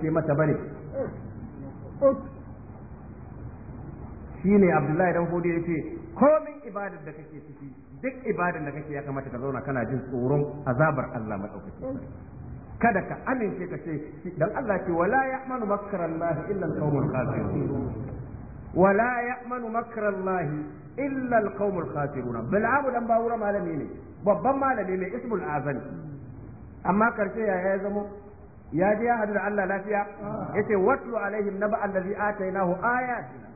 ce mata bane shine abdullahi dan hudu yace komin ibadar da kake ciki duk ibadar da kake ya kamata ka zauna kana jin tsoron azabar Allah madaukaki kada ka amince ka ce dan Allah ce wala ya'manu makra Allah illa al-qaumul kafirun wala ya'manu makra Allah illa al-qaumul kafirun bil'abu dan wura malami ne babban malami ne ismul azan amma karshe yaya ya zama ya je ya hadu da Allah lafiya ya ce watlu alaihim naba allazi atainahu ayatina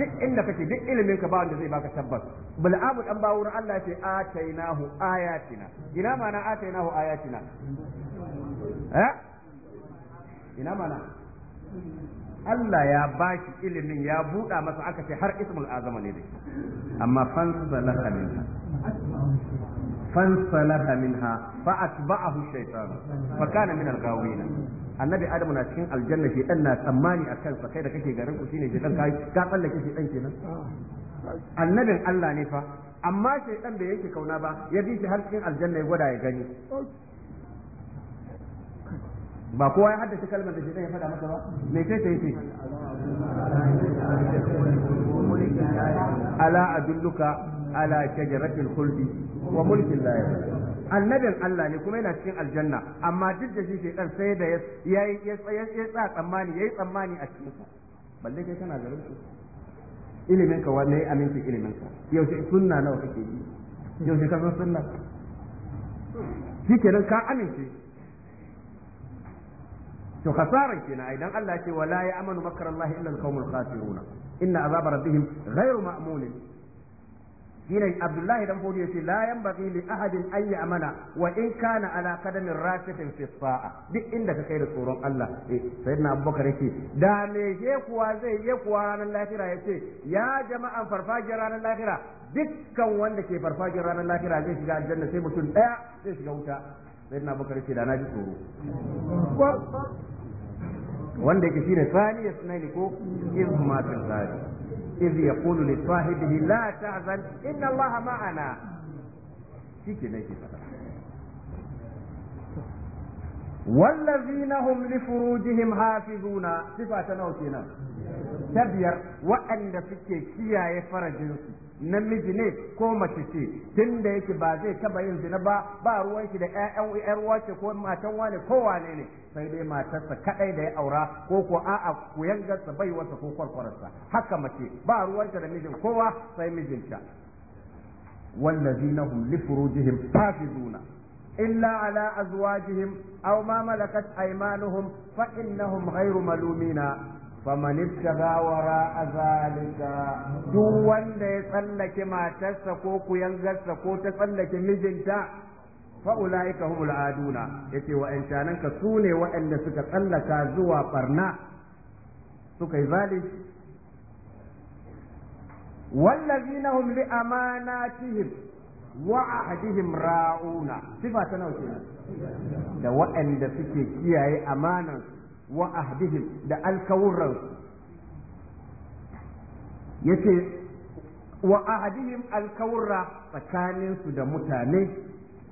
duk inda kake duk ilimin ka ba wanda zai baka tabbas bil'abu dan bawo na Allah ce atainahu ayatina ina mana atainahu ayatina eh ina mana Allah ya baki ilimin ya buɗa masa aka ce har ismul azama ne dai amma fansa laka minha فانصلح منها فأتبعه الشيطان فكان من الغاوين annabi adamu na cikin aljanna shi dan na tsammani a kansa kai da kake garin ku shine shi dan kai ka tsallake shi dan kenan annabin Allah ne fa amma shi dan da yake kauna ba ya bi shi har cikin aljanna ya gwada ya gani ba kowa ya haddace kalmar da shi dan ya faɗa masa ba me sai ta yace ala adulluka ala shajaratil khuldi wa mulkin la annabin Allah ne kuma yana cikin aljanna amma duk da shi sai shaytan sai da ya ya tsaya tsammani yayi tsammani a cikin sa balle kai kana garin su ilimin ka wanne amincin ilimin ka yaushe sunna nawa ke yi yaushe ka san sunna shikenan ka amince to kasaran kenan idan Allah ya ce wala ya amanu makarallahi illa alqaumul khasiruna inna azaba rabbihim ghairu ma'mun shine Abdullahi dan Fodi yace la yanbaghi li ahadin an ya'mala wa in kana ala qadamin rafiqin fi duk inda ka kai da tsoron Allah eh sayyidina Abubakar yake da me je kuwa zai je kuwa ranar lahira yace ya jama'an farfajiyar ranar lahira dukkan wanda ke farfajiyar ranar lahira zai shiga aljanna sai mutum daya zai shiga wuta sayyidina Abubakar yace da na ji tsoro wanda yake shine saniyas nani ko izmatul zari إذ يقول لصاحبه لا تحزن إن الله معنا شيكي نيكي والذين هم لفروجهم حافظون صفاتنا نوتنا تبير وأن فيك كيا يفرجنسي namiji ne ko mace ce tun da yake ba zai taba yin zina ba ba ruwan shi da ƴaƴan ruwa ce ko matan wane ko wane ne sai dai matarsa kadai da ya aura ko ko a'a kuyangarsa bai wasa ko kwarkwararsa haka mace ba ruwanta da mijin kowa sai mijinta والذين هم لفروجهم حافظون إلا على أزواجهم أو ما ملكت أيمانهم فإنهم غير ملومين faman ittaga wara duk wanda ya tsallake matarsa ko kuyangarsa ko ta tsallake mijinta fa ulaika humul aduna yace wa intananka sune waɗanda suka tsallaka zuwa barna suka yi zalunci wallazina hum li amanatihim wa ahdihim ra'una da waɗanda suke kiyaye amanansu wa ahdihim da alkawurransu yace wa ahadihim alkawurra tsakaninsu da mutane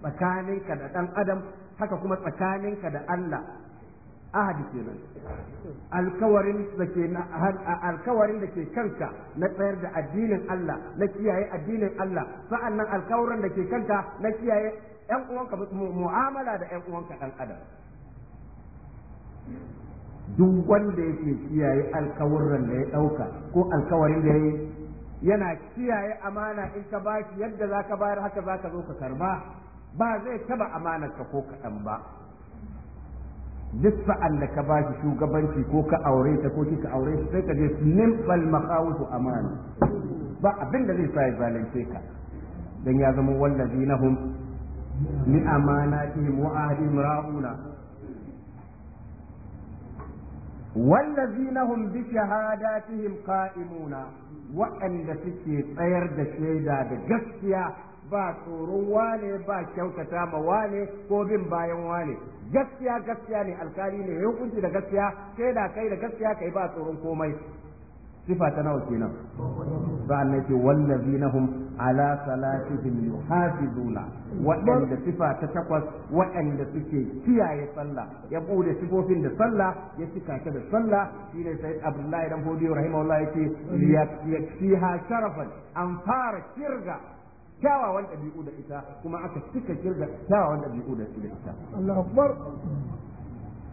tsakaninka da ɗan adam haka kuma tsakaninka da Allah ahadi kenan alkawarin da ke alkawarin da ke kanka na tsayar da addinin Allah na kiyaye addinin Allah sa'annan alkawarin da ke kanka na kiyaye ƴan uwanka mu'amala da ƴan uwanka ɗan adam duk wanda yake kiyaye alkawarin da ya dauka ko alkawarin da yayi yana kiyaye amana in ka bashi yadda zaka bayar haka zaka zo ka karba ba zai taba amanar ka ko kaɗan ba duk sa'an da ka bashi shugabanci ko ka aure ta ko kika aure shi sai ka je nimfal makawusu amana ba abin da zai sai balance zalunce ka dan ya zama wallazi hum ni amanatihim wa ahdihim ra'una والذين هم بشهاداتهم قائمون وأن تكي طير دشيدا دجسيا ba tsoron wane ba kyautata ma wane ko bin bayan wane gaskiya gaskiya ne alkali ne ya hukunci da gaskiya sai da kai da gaskiya kayi ba tsoron komai sifa ta nawa kenan sa'an nan ce wallazina hum ala salatihim yuhafizuna waɗanda sifa ta takwas waɗanda suke kiyaye sallah ya bude sifofin da sallah ya cika ta da sallah shine sai abdullahi dan fodiyo rahimahullah yake yaksiha sharafan an fara kirga kyawawan ɗabi'u da ita kuma aka cika kirga kyawawan ɗabi'u da ita Allahu akbar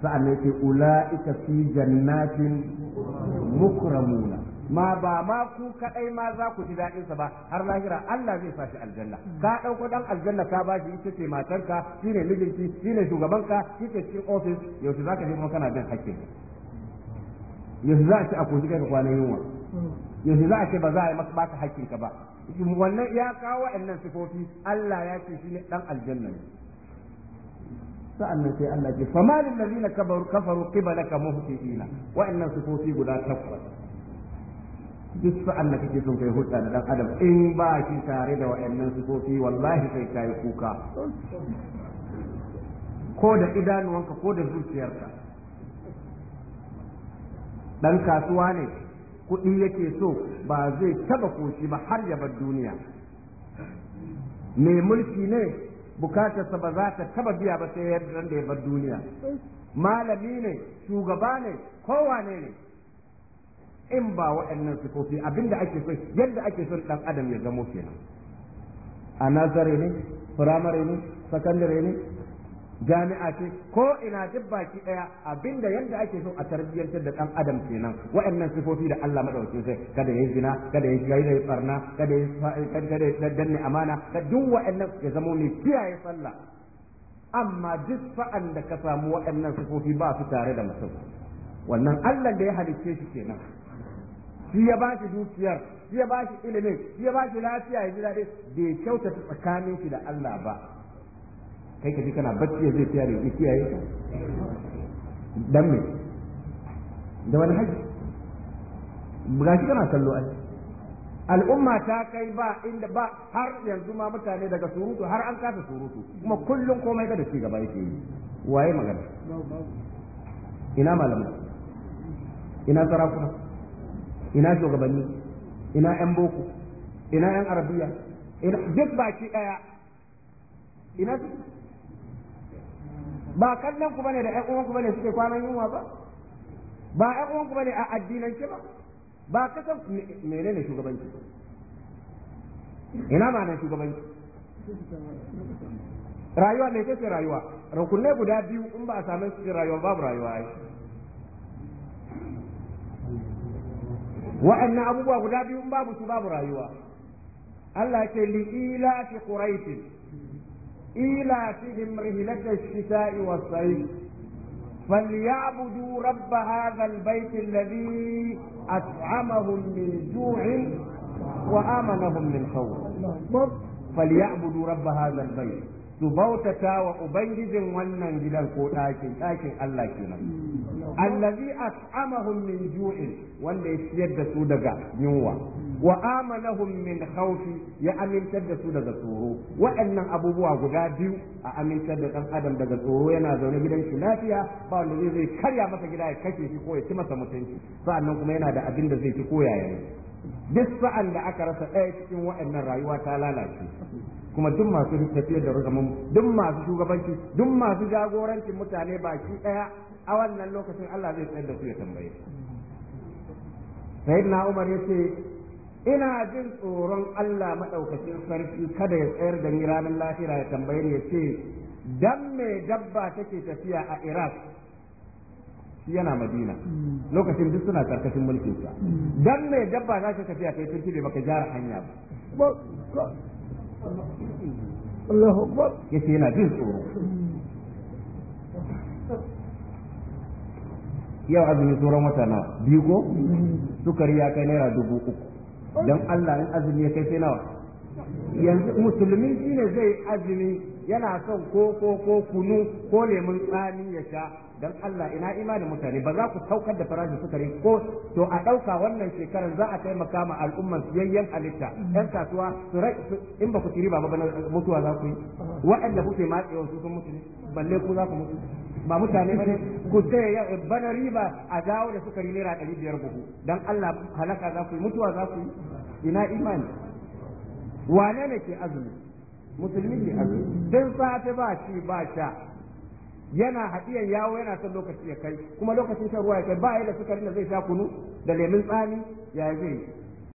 sa'an nan ula'ika fi jannatin mukramuna ma ba ma ku kadai ma za ku ji daɗin sa ba har lahira Allah zai sa shi aljanna hmm. ka dauko dan aljanna ka ba shi ita ce matarka shine mijinki shine shugabanka kike cikin office yaushe zaka je kuma kana bin hakki yaushe za a ci a koshi kai ka kwanan yunwa hmm. yaushe za a ce ba za a yi maka baka hakkin ka ba wannan ya kawo wa'annan sifofi Allah ya ce shine dan aljanna ne sa'annan sai Allah ya ce fa malil ladina kafaru qibalaka muhtiina wa'annan sifofi guda takwas duk sa'an da kake son kai hulɗa da dan adam in ba shi tare da wayannan sifofi wallahi sai kai kuka ko da idanuwanka ko da zuciyarka dan kasuwa ne kuɗi yake so ba zai taba koshi ba har ya bar duniya mai mulki ne bukatarsa ba za ta taba biya ba sai yadda da ya bar duniya malami ne shugaba ne kowane ne in ba waɗannan sifofi abinda ake so yadda ake son ɗan adam ya zamo kenan a nazare ne firamare ne sakandare ne jami'a ce ko ina duk baki ɗaya abinda yadda ake so a tarbiyyantar da ɗan adam kenan waɗannan sifofi da Allah maɗauki sai kada yi zina kada ya gaida yayi barna kada ya kada danne amana da duk waɗannan ya zamo ne kiyaye sallah amma duk sa'an da ka samu waɗannan sifofi ba su tare da mutum wannan Allah da ya halicce shi kenan shi ya ba shi dukiyar shi ya ba shi ilimin shi ya ba shi lafiya ya ji daɗi bai kyautata tsakanin shi da Allah ba kai ka ji kana bacci ya zai kiyaye ya kiyaye ka dan me da wani haji ga shi kana kallo aji. al'umma ta kai ba inda ba har yanzu ma mutane daga surutu har an kasa surutu kuma kullum komai da ci gaba yake yi waye magana ina malamai ina sarakuna ina shugabanni ina yan boko ina yan arabiya ina duk baki daya ina su ba kallon ku bane da ƴan uwan ku bane suke kwanan yunwa ba ba ƴan uwan ku bane a addinance ba ba kasan menene shugabanci ina na shugabanci rayuwa mai ce rayuwa rukunai guda biyu in ba a same su rayuwa babu rayuwa ai wa'annan abubuwa guda biyun babu su babu rayuwa Allah ke li ila fi quraish ila fi rihlata ash-shita'i was-sayf فليعبدوا رب هذا البيت الذي أطعمهم من جوع وآمنهم من خوف فليعبدوا رب هذا البيت su bautata wa ubangijin wannan gidan ko ɗakin ɗakin Allah kenan allazi as'amahum min ju'in wanda ya ciyar da su daga yunwa wa amanahum min khawfi ya amintar da su daga tsoro waɗannan abubuwa guda biyu a amintar da ɗan adam daga tsoro yana zaune gidan shi lafiya ba wanda zai zai karya masa gida ya kashe shi ko ya ci masa mutunci sa'annan kuma yana da abin da zai ci ko yaya duk sa'an da aka rasa ɗaya cikin waɗannan rayuwa ta lalace kuma duk masu tafiyar da rugamin duk masu shugabanci duk masu jagorancin mutane baki ɗaya a wannan lokacin Allah zai tsayar da su ya tambaye Na'umar Umar ce ina jin tsoron Allah madaukakin sarki kada ya tsayar da ni ranar lahira ya tambaye ni ce dan me dabba take tafiya a Iraq yana Madina lokacin duk suna karkashin mulkin sa hmm. dan me dabba za ta tafiya kai turki bai baka jara hanya ba Allahu Akbar yace yana jin tsoro yau azumi sauran wata na biyu ko sukari ya kai naira dubu uku dan Allah in azumi ya kai sai nawa yanzu musulmi ne zai azumi yana son ko ko ko kunu ko lemun tsami ya sha dan Allah ina imanin mutane ba za ku saukar da farashin sukari ko to a ɗauka wannan shekarar za a taimaka ma al'umman yayyan alitta yan kasuwa su in ba ku ci riba ba mutuwa za ku yi waɗanda kuke matsewa su sun mutu ne balle ku za ku mutu ba mutane ba ne ku sai bana riba a dawo da sukari naira ɗari biyar buhu dan Allah halaka za ku yi mutuwa za ku yi ina imani wane ne ke azumi musulmi ne a don safe ba shi ba sha yana haɗiyan yawo yana son lokaci ya kai kuma lokacin shan ruwa ya kai ba ya da sukarin da zai sha kunu da lemun tsami ya zai